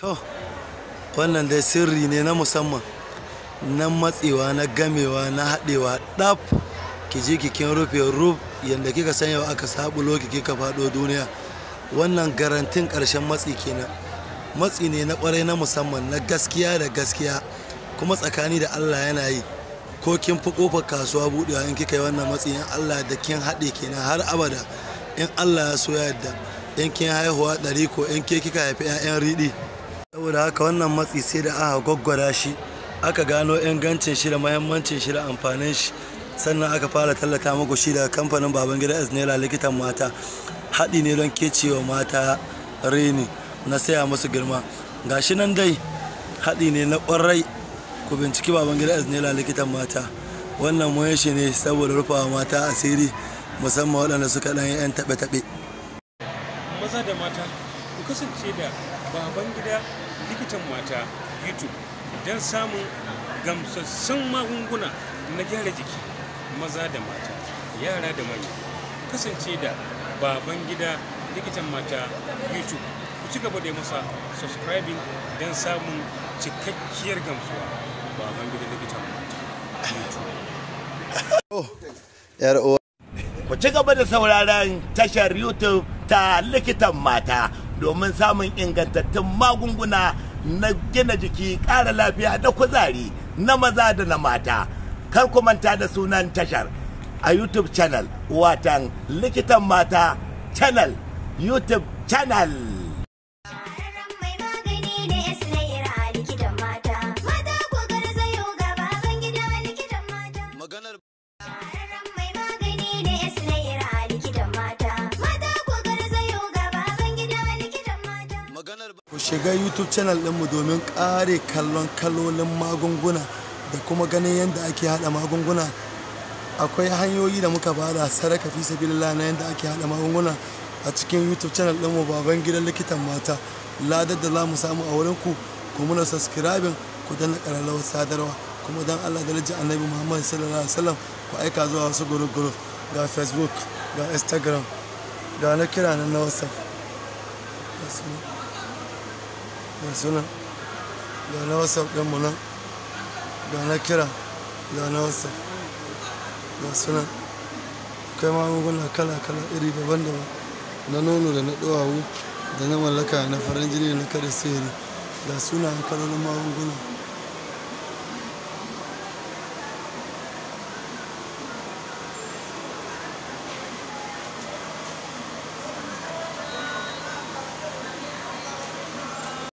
To, wannan dai sirri ne na musamman, na matsewa, na gamewa, na haɗewa ɗaf, ki je kikin rufe ruf yadda kika sanya aka sabulo ki kika faɗo duniya. Wannan garantin ƙarshen matsi kenan. Matsi ne na ƙwarai na musamman, na gaskiya da gaskiya, kuma tsakani da Allah yana yi. Ko kin fi ƙofar kasuwa buɗewa in kika yi wannan matsi in Allah da kin haɗe kenan har abada in Allah ya so ya yadda In kin haihuwa ɗari ko in ke kika haifi 'ya'yan riɗi. saboda haka wannan matsi sai da aka gwaggwara shi aka gano ingancin shi da mahimmancin shi da amfanin shi sannan aka fara tallata muku shi daga kamfanin babangida esnela likitan mata haɗi ne don kecewa mata reni na saya musu girma gashi nan dai haɗi ne na ƙwarai ku binciki babangida esnela likitan mata wannan mun shi ne saboda rufawa mata asiri musamman waɗanda suka ɗan 'yan taɓe-taɓe maza da mata ku kasance da baban gida likitan mata youtube don samun gamsassan magunguna na gyara jiki maza da mata yara da manya kasance da baban gida likitan mata youtube ku ci gaba da masa subscribing don samun cikakkiyar gamsuwa baban gida likitan mata youtube oh, ku ci gaba da sauraron tashar youtube ta likitan mata domin samun ingantattun magunguna na gina jiki ƙara lafiya da kuzari na maza da na mata kar ku manta da sunan tashar a youtube channel watan likitan mata channel youtube channel ku shiga youtube channel ɗinmu domin kare kallon kalolin magunguna da kuma ganin yadda ake hada magunguna akwai hanyoyi da muka bada sadaka fi sabilillah na yadda ake hada magunguna a cikin youtube channel ɗinmu baban gidan likitan mata ladar da za mu samu a wurin ku ku muna subscribe ku danna ƙararrawar sadarwa kuma dan allah da annabi muhammad sallallahu alaihi wasallam ku aika zuwa wasu group ga facebook ga instagram ga na kira na whatsapp mai suna da na whatsapp mu nan da na kira da na whatsapp ga suna kai magunguna kala-kala iri daban-daban na nono da na ɗuwawu da na mallaka na farin jini na kada sihiri da suna kalolin magunguna